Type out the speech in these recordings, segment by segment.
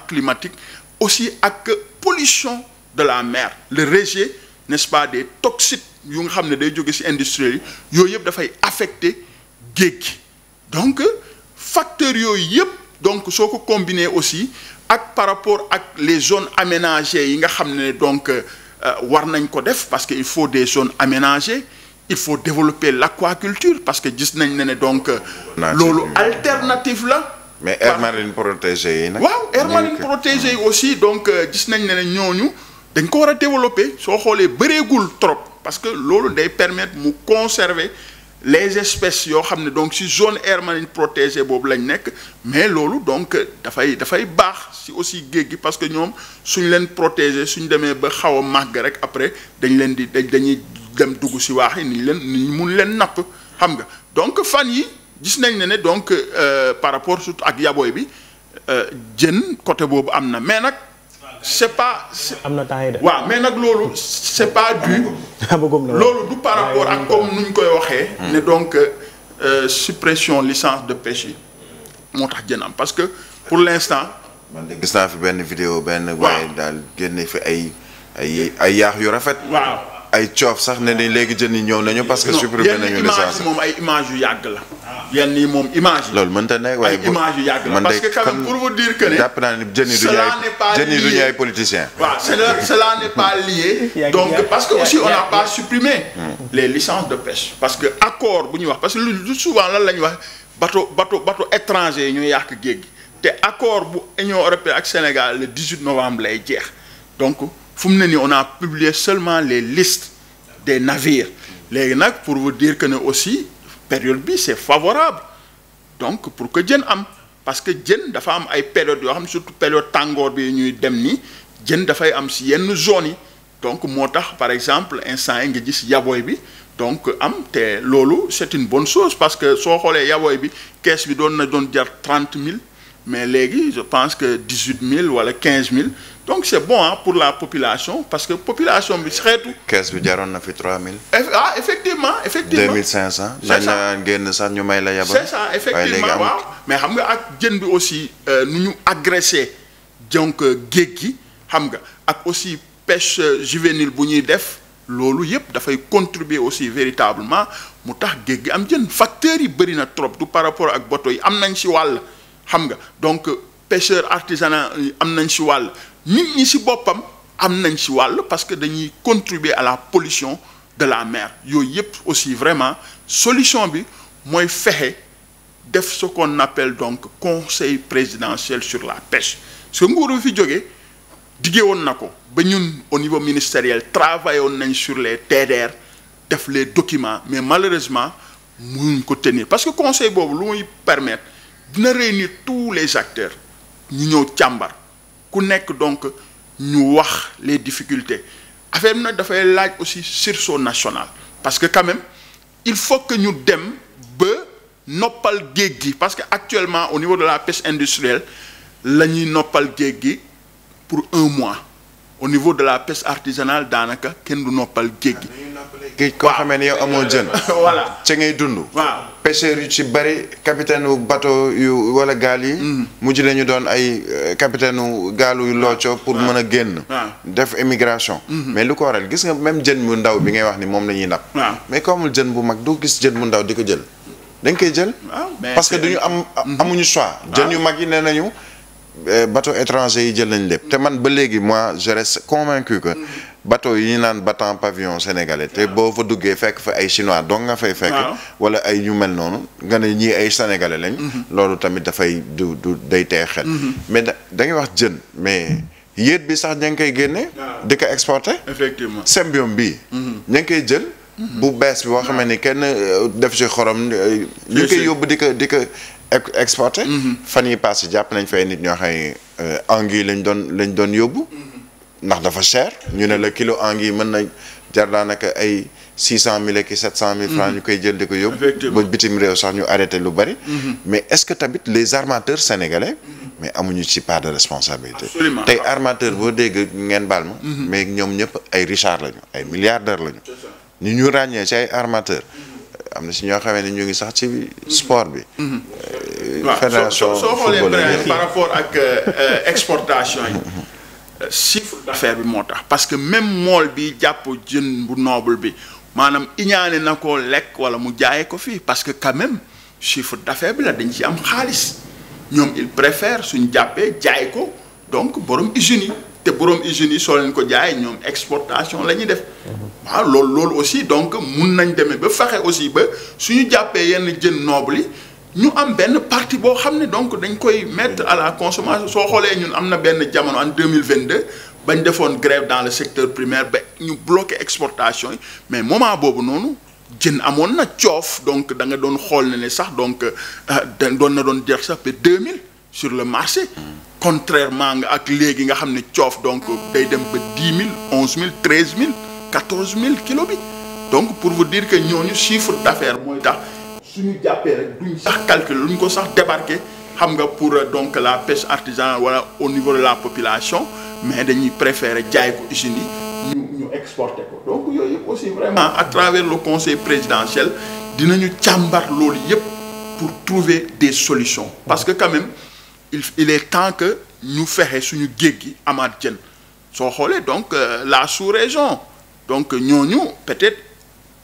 climatique aussi ak pollution de la mer le rejet n'est-ce pas des toxiques yu nga xam ne day joge ci industrie yi yooyu yëpp dafay affecter géej gi donc facteurs yooyu yëpp donc soo ko combiner aussi ak par rapport ak les zones aménagées yi nga xam ne donc euh, war nañ ko def parce que il faut des zones aménagées il faut développer l'aquaculture parce que gis nañ ne ne donc loolu alternative la mais aire marine protégée yi nag aire marine protégée yi aussi donc euh, gis nañ ne ne ñooñu dañ ko war a développer soo xoolee bëreegul trop parce que loolu day permettre mu conserver les espèces yoo xam ne donc si zone aire marine boobu lañ nekk mais loolu donc dafay dafay baax si aussi géej gi parce que ñoom suñ leen protéger suñ demee ba xaw a màgg rek après dañ leen di dañuy dem dugg si waax yi ni leen ni mun leen napp xam nga donc fan yi gis nañ ne ne donc euh, par rapport surtout ak yabooy bi Euh, jën côté boobu am na mais nag. c'est pas am na temps yi waaw mais nag loolu c'est pas du. loolu du par rapport ak comme ñu koy waxee. Hmm. ne donc euh, euh, suppression licence de pêche yi moo tax jën am parce que pour l'instant. man de gis naa fi benn vidéo benn. waaye daal génne fi ay ay ay yaax yu rafet. waaw ay coof sax ne ni léegi jën yi ñëw nañu parce que. supprimer nañu licence moom ay image yu yàgg la. yenn yi moom image yi. loolu mënta nekk waaye image yu yàgg la parce que quand même pour vous dire que ne. ne jën yi du cela cela pas lié. donc parce que aussi on n'a pas supprimé. les licences de pêche. parce que accord bu ñu wax parce que lu souvent lan la ñuy wax bateau bateau bateau étranger ñu ñooy yàq géej gi te accord bu Union européenne ak Sénégal le 18 novembre lay jeex donc fu mu ne nii on a publié seulement les listes des navires léegi nag pour vous diir que ne aussi. période bi c'est favorable donc pour que jën am parce que jën dafa am ay période yoo xam ne surtout période tàngoor bi ñuy dem nii jën dafay am si yenn zones yi donc moo tax par exemple instant yi nga gis yaboy bi donc am te loolu c'est une bonne chose parce que soo xoolee yaboy bi kees bi doon na doon jar trente mille mais léegi je pense que dix-huit mille wala quinze mille donc c' bon pour la population parce que population bi xeetu. kees bi jaroon na fi trois mille. ah effectivement effectivement deux mille cent. cinq cent sax ñu may la yabal. c'est ça effectivement waaw mais xam nga ak jën bi aussi euh, nu ñu agressé donc euh, géej gi xam nga ak aussi pêche euh, juvénile bu ñuy def loolu yëpp dafay contribuer aussi véritablement mu tax géej gi am jën facteurs yi bëri na trop du par rapport ak boto yi am nañ si wàll. xam nga donc pêcheur artisanat euh, am nañ si wàll nit ñi si boppam am nañ si wàll parce que dañuy contribuer à la polition de la mer yooyu yëpp aussi vraiment solution bi mooy fexe def ce qu'on appelle donc conseil présidentiel sur la pêche parce que nguur bi fi jógee diggé woon na ko ba ñun au niveau ministériel travaillé woon nañ sur les TDR def les documents mais malheureusement mënuñ ko tenir parce que conseil boobu lu muy permettre dina réunir tous les acteurs ñu ñëw càmbar ku nekk donc ñu wax les difficultés affaire bi nag dafay laaj aussi sursaut national parce que quand il faut que ñu dem ba noppal géej gi parce que actuellement au niveau de la pêche industrielle la ñuy noppal géej gi pour un mois au niveau de la pêche artisanale daanaka kenn du noppal géej gi. koo xamee ni yow amoo jën. voilà ca ngay dund. waaw yu ci bëri capitaine wu bateau yu wala gaal yi. Mm. mujj ñu doon ay euh, capitaine wu gaalu yu looco pour mën a génn. def émigration. Mm-hmm. mais lu ko waral gis nga même jën bu ndaw bi ngay wax ni moom la ñuy napp. mais ko amul jën bu mag doo gis jën bu ndaw di ko jël. dañ koy jël. parce que duñu am mm-hmm. amuñu choix. jën yu mag yi nee nañu. Eh, bateau étranger yi jël nañ lépp te man ba léegi moi je reste convaincu que bateau yi ñu naan battant pavillon sénégalais te boo fa duggee fekk fa ay chinois donc nga fay fekk wala ay ñu mel noonu nga ne ñii ay sénégalais lañ mhm. loolu tamit dafay du du day tee xel mhm. mais da dangay wax jën mais yéet bi sax ña ngi koy génne di ko exporté effectivement symbiome bii mhm. ña ngi koy jël bu bees bi boo xamee ni kenn euh, def si xorom euh, ñu koy yóbbu di ko di ko exporté. Mm-hmm. fan yi passé jàpp nañ fay nit ñoo xam ne euh, anguille lañ doon lañ doon yóbbu. Mm-hmm. ndax dafa cher ñu ne la kilo anguille mën na jar daanaka ay six cent mille ak sept cent mille francs mm-hmm. ñu koy jël di ko yóbbu. ba bitim réew sax ñu arrêté lu bari. mais est-ce que tamit les armateurs sénégalais. mais amuñu ci part de responsabilité. tey armateur boo dégg ngeen baal ma. mais ñoom ñëpp ay Richard lañu ay milliardaires lañu. ñu ñu ràññee ci ay armateur am na si ñoo xamee ne ñu ngi sax ci sport bi. Euh, fédération soo xoolee Ibrahima par rapport ak eh, eh, exportation yi eh, chiffre d'affaires bi moo tax parce que même mool bi jàpp jën bu noble bi maanaam iñaane na ko lekk wala mu jaaye ko fii parce que quand même chiffre d'affaires bi la dañ ci am xaalis ñoom il préfère suñ jàppee jaay ko donc borom usines yi te borom usines yi soo leen ko jaayee ñoom exportation la ñuy def mhm. waaw loolu loolu aussi donc mun nañ demee ba faxe aussi ba suñu jàppee yenn jën noble yi ñu am benn partie boo xam ne donc dañ koy mettre à la consommation soo xoolee ñun am na benn jamono en 2022 bañ defoon grève dans le secteur primaire ba ñu bloqué exportation yi mais moment boobu noonu jën amoon na coof donc da nga doon xool ne ne sax donc euh, doon na doon jar sax deux mille sur le marché contrairement nga ak léegi nga xam ne coof donc day dem ba 10 mille 11 mille 13 000 14 000 kilos bi donc pour vous dire que ñooñu chiffre d'affaires mooy tax ñu jàppee rek duñ sax calcul luñ ko sax débarquer xam nga pour euh, donc la pêche artisanale wala au niveau de la population mais dañuy préférer jaay ko usines yi ñu exporte exporter ko donc yooyu yëpp aussi vraiment à travers le conseil présidentiel dinañu càmbar loolu yëpp pour trouver des solutions parce que quand même il il est temps que ñu fexe suñu géej gi amaat jën soo xoolee donc euh, la sous-région donc ñooñu peut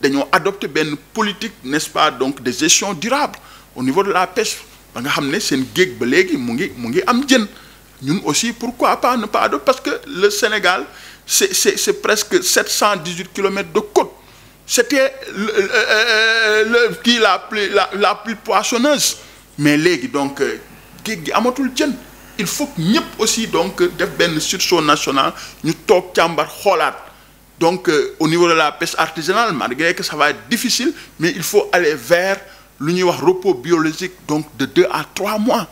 dañoo adopté benn politique n'est-ce pas donc des gestion durable au niveau de la pêche ba nga xam ne seen géej ba léegi mu ngi mu ngi am jën ñun aussi pourquoi pas ne pas adopter parce que le Sénégal c'est c'est c'est presque 718 kilomètres de côte c'était euh, euh, le kii la plus la la plus poissonneuse mais léegi donc euh, géej gi amatul jën il faut que ñëpp aussi donc def benn sursaut national ñu toog càmbar xoolaat donc euh, au niveau de la pêche artisanale malgré que ça va être difficile mais il faut aller vers lu ñuy wax repos biologique donc de deux à trois mois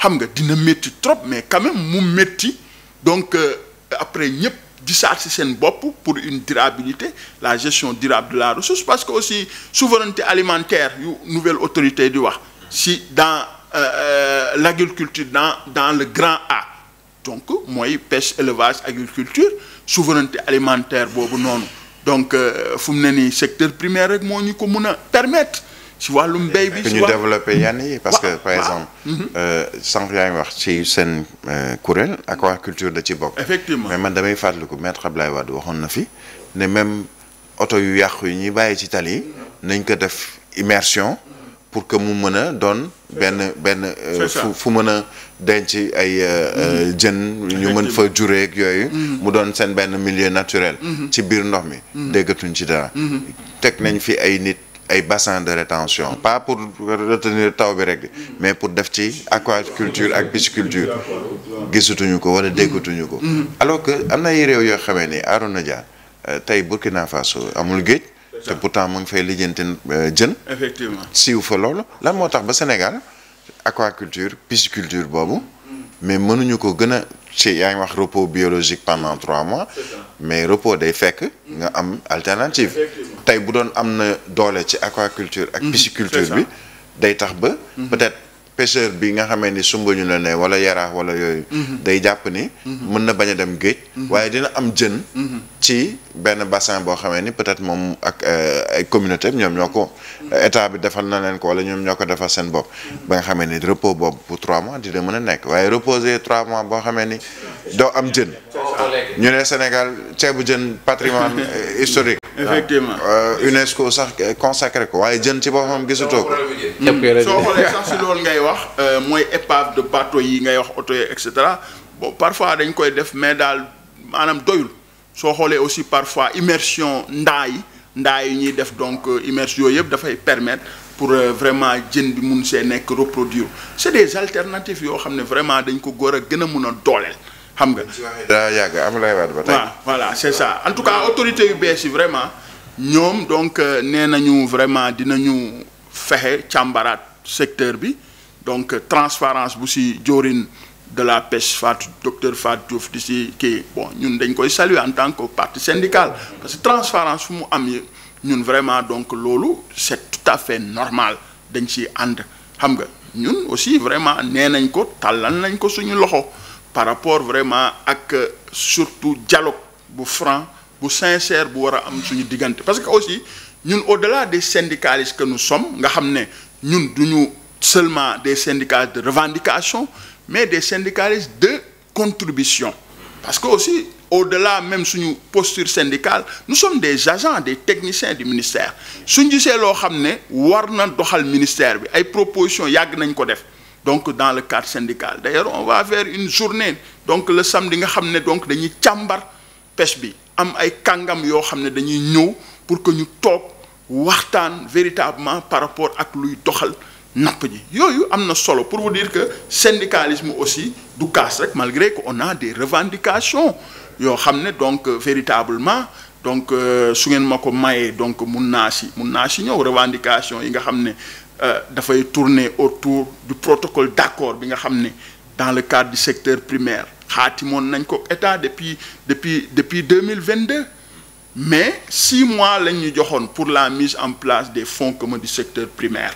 xam nga dina métti trop mais quand même mu métti donc euh, après ñëpp gisaat si seen bopp pour une durabilité la gestion durable de la ressource parce que aussi souveraineté alimentaire yu nouvelle autorité di wax si dans euh, euh l'agriculture dans dans le grand A donc mooy pêche élevage agriculture souveraineté alimentaire boobu noonu donc euh, fu mu ne nii secteur primaire rek moo ñu ko mun a permettre si wàllum mbéy bi. si ñu développé yenn yi parce que par exemple. Mhm. Euh, sànq yaa ngi wax ci seen euh, kuréel culture da ci bokk. effectivement mais man damay fàttaliku maître Ablaye Wade waxoon na fi ne même oto yu yàqu yi ñuy bàyyi ci tali nañ ko def immersion. pour que mu mën a doon benn benn euh, fu fu mën a denc ay euh, euh, mm-hmm. jën ñu mën fa jureeg yooyu mm-hmm. mu doon seen benn milieu naturel mm-hmm. ci biir ndox mi déggatuñ ci dara teg nañ fi ay nit ay bassin de rétention pas pour retenir taw bi rek mais pour def ci aquaculture ak pisciculture gisatuñu ko wala déggatuñu ko alors que am na ay réew yoo xamee ni Arouna Dia tey Burkina Faso amul géej te pourtant mu ngi fay lijjanti euh, jën. effectivement siiw fa loolu lan moo tax ba Sénégal aquaculture pisciculture boobu. Mm. mais mënuñu ko gën a ci yaa ngi wax repos biologique pendant trois mois. mais repos day fekk nga am alternative. tey bu doon am na doole ci aquaculture. ak mm-hmm. pisciculture bi day tax ba mm-hmm. peut pêcheur bi nga xamee ni sumbañu la ne wala yaraax wala yooyu mhm. day jàpp ni mhm. mën na bañ a dem géej mhm. waaye dina am jën ci benn bassin boo xamee ni peut-être moom ak euh, ay communauté ñoom ñoo ko état bi defal na leen ko wala ñoom ñoo ko defal seen bopp ba nga xamee ni repos boobu pour trois mois dina mën a nekk waaye reposer trois mois boo xamee ni doo am jën ñu ne Sénégal ceebu jën patrimoine euh, historique effectivement ah, euh, UNESCO sax consacré ko waaye jën ci boppam gisutoo ko wax euh, mooy épave de bateau yi ngay wax auto yi et cetera bon parfois dañ koy def mais daal maanaam doyul soo xoolee aussi parfois immersion ndaa yi ndaa yi ñuy def donc euh, immersion yooyu yëpp dafay permettre pour euh, vraiment jën bi mun see nekk reproduire c'est des alternatives yoo xam ne vraiment dañ ko góor a gën a mun a dooleel xam nga. daa yàgg Abdoulaye waaw voilà c'est ça en tout cas autorité yu bees yi vraiment ñoom donc nee nañu vraiment dina ñu fexe càmbaraat secteur bi. donc euh, transparence bu si joorin de la pêche Fatou docteur Fatou Diouf di si kii bon ñun dañ koy saluer en tant que parti syndical parce que transparence fu mu am yi ñun vraiment donc loolu c'est tout à fait normal dañ si ànd xam nga ñun aussi vraiment nee nañ ko tàllal nañ ko suñu loxo par rapport vraiment ak euh, surtout dialogue bu franc bu sincère bu war a am suñu diggante parce que aussi ñun au-delà des syndicalistes que nous sommes nga xam ne ñun duñu seulement des syndicats de revendication, mais des syndicalistes de contribution. Parce que aussi, au-delà même de notre posture syndicale, nous sommes des agents, des techniciens du ministère. xam ne war na doxal ministère, bi ay yàgg nañ ko def donc dans le cadre syndical. D'ailleurs, on va faire une journée, donc le samedi, xam ne donc dañuy chambar pêche bi, am ay kàngam yoo xam ne dañuy ñëw pour que ñu toog waxtaan véritablement par rapport ak luy doxal napp ji yooyu am na solo pour vous dire que syndicalisme aussi du casse rek malgré que on a des revendication yoo xam ne donc euh, véritablement donc euh, su ngeen ma ko mayee donc mun naa si mun naa si revendication yi nga xam ne euh, dafay tourner autour du protocole d'accord bi nga xam ne dans le cadre du secteur primaire xaatimoon nañ ko état depuis depuis depuis deux mille vingt deux mais six mois lañ ñu joxoon pour la mise en place des fonds communs du secteur primaire.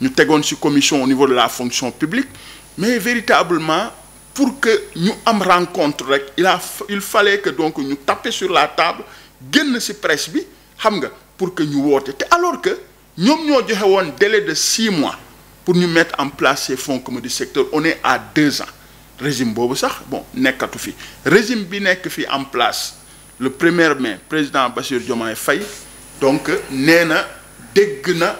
ñu tegoon ci commission au niveau de la fonction publique mais véritablement pour que ñu am rencontre rek il a il fallait que donc ñu taper sur la table génn ci presse bi xam nga pour que ñu woote te alors que ñoom ñoo joxe woon délai de six mois pour ñu mettre en place ces fonds communs du secteur on est à deux ans régime boobu sax bon nekkatu fi régime bi nekk fi en place le premier mai président Bassirou Diomaye fay donc nee na dégg na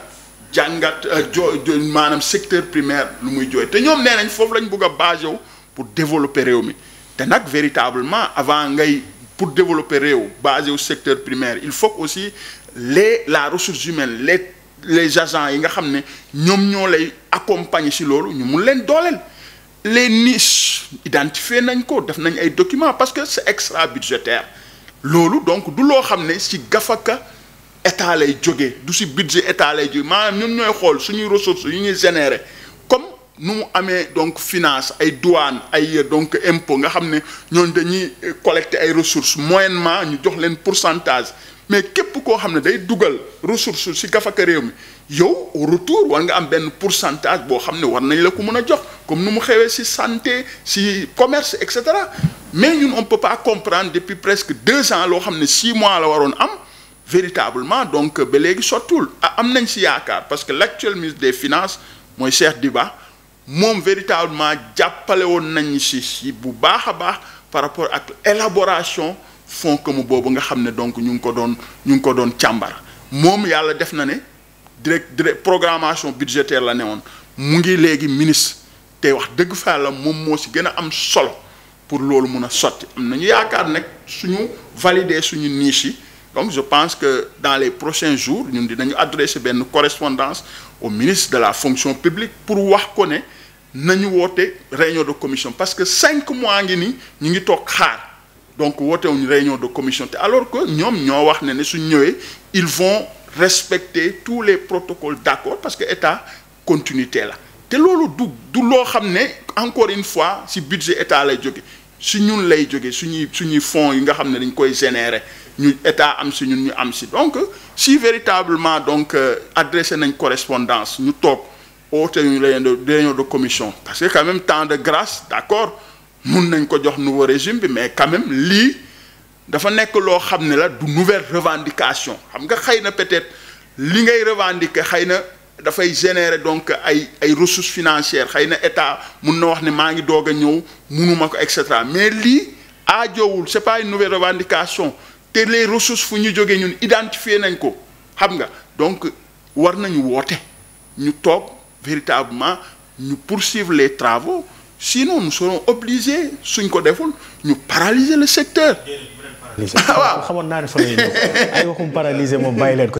jàngat euh, jo maanaam secteur primaire lu muy jooy te ñoom nee nañ foofu lañ bugg a basé pour développer réew mi te nag véritablement avant ngay pour développer réew basé wu secteur primaire il faut aussi les la ressource humaine les les agent yi nga xam ne ñoom ñoo lay accompagner si loolu ñu mu leen dooleel les niches identifié nañ ko def nañ ay documents parce que c'est extra budgétaire loolu donc du loo xam ne ci gafaka état lay jóge du si budget état lay jógee maanaam ñun ñooy xool suñuy ressources yu ñuy générer comme nu mu amee donc finance ay douane ay donc impôt nga xam ne ñooñu dañuy collecter ay ressource moyennement ñu jox leen pour centage mais képp koo xam ne day dugal ressource si gafaka réew mi yow au retour war nga am benn pour pourcentage boo xam ne war nañ la ko mën a jox comme nu mu xewee si santé si commerce et cetera mais ñun on peut pas comprendre depuis presque deux ans loo xam ne six mois la waroon am. véritablement donc ba léegi sottul ah, am nañ si yaakaar parce que l'actuel ministre des finances mooy Cheikh baax moom véritablement jàppale woon nañ si si bu baax a baax par rapport ak élaboration fonds commun boobu nga xam ne donc ñu ngi ko doon ñu ngi ko doon càmbar moom yàlla def na ne direct direct programmation budgétaire la ne woon mu ngi léegi ministre te wax dëgg fa la moom moo si gën a am solo pour loolu mun a sotti am nañu yaakaar nag suñu valider suñu niche yi donc je pense que dans les prochains jours ñun dinañu adresser benn correspondance au ministre de la fonction publique pour wax ko ne na ñu woote réunion de commission parce que cinq mois ngi nii ñu ngi toog xaar donc wootewuñu réunion de commission te alors que ñoom ñoo wax ne ne suñ ñëwee ils vont respecter tous les protocoles d'accord parce que état continuité la te loolu du du loo xam ne encore une fois si budget état lay jóge si ñun lay jógee suñuy suñuy fonds yi nga xam ne dañ koy générer ñu état am si ñun ñu am si donc si véritablement donc euh, adressé nañ correspondance ñu toog oote ñu réunion de commission parce que quand même temps de grace d'accord mun nañ ko jox nouveau régime bi mais quand lii dafa nekk loo xam ne la du nouvelle revendication xam nga xëy na peut-être li ngay revendiquer xëy na dafay générer donc ay ay ressources financières xëy na état mun na wax ne maa ngi doog a ñëw munuma ko et cetera mais lii aajowul c'est pas une nouvelle revendication te les ressources fu ñu jógee ñun identifier nañ ko xam nga donc war nañu woote ñu toog véritablement ñu poursuivre les travaux sinon nous serons obligés suñ ko deful ñu paralyser le secteur. ah waaw xamoon naa ne ay waxum paralyser moom leen ko.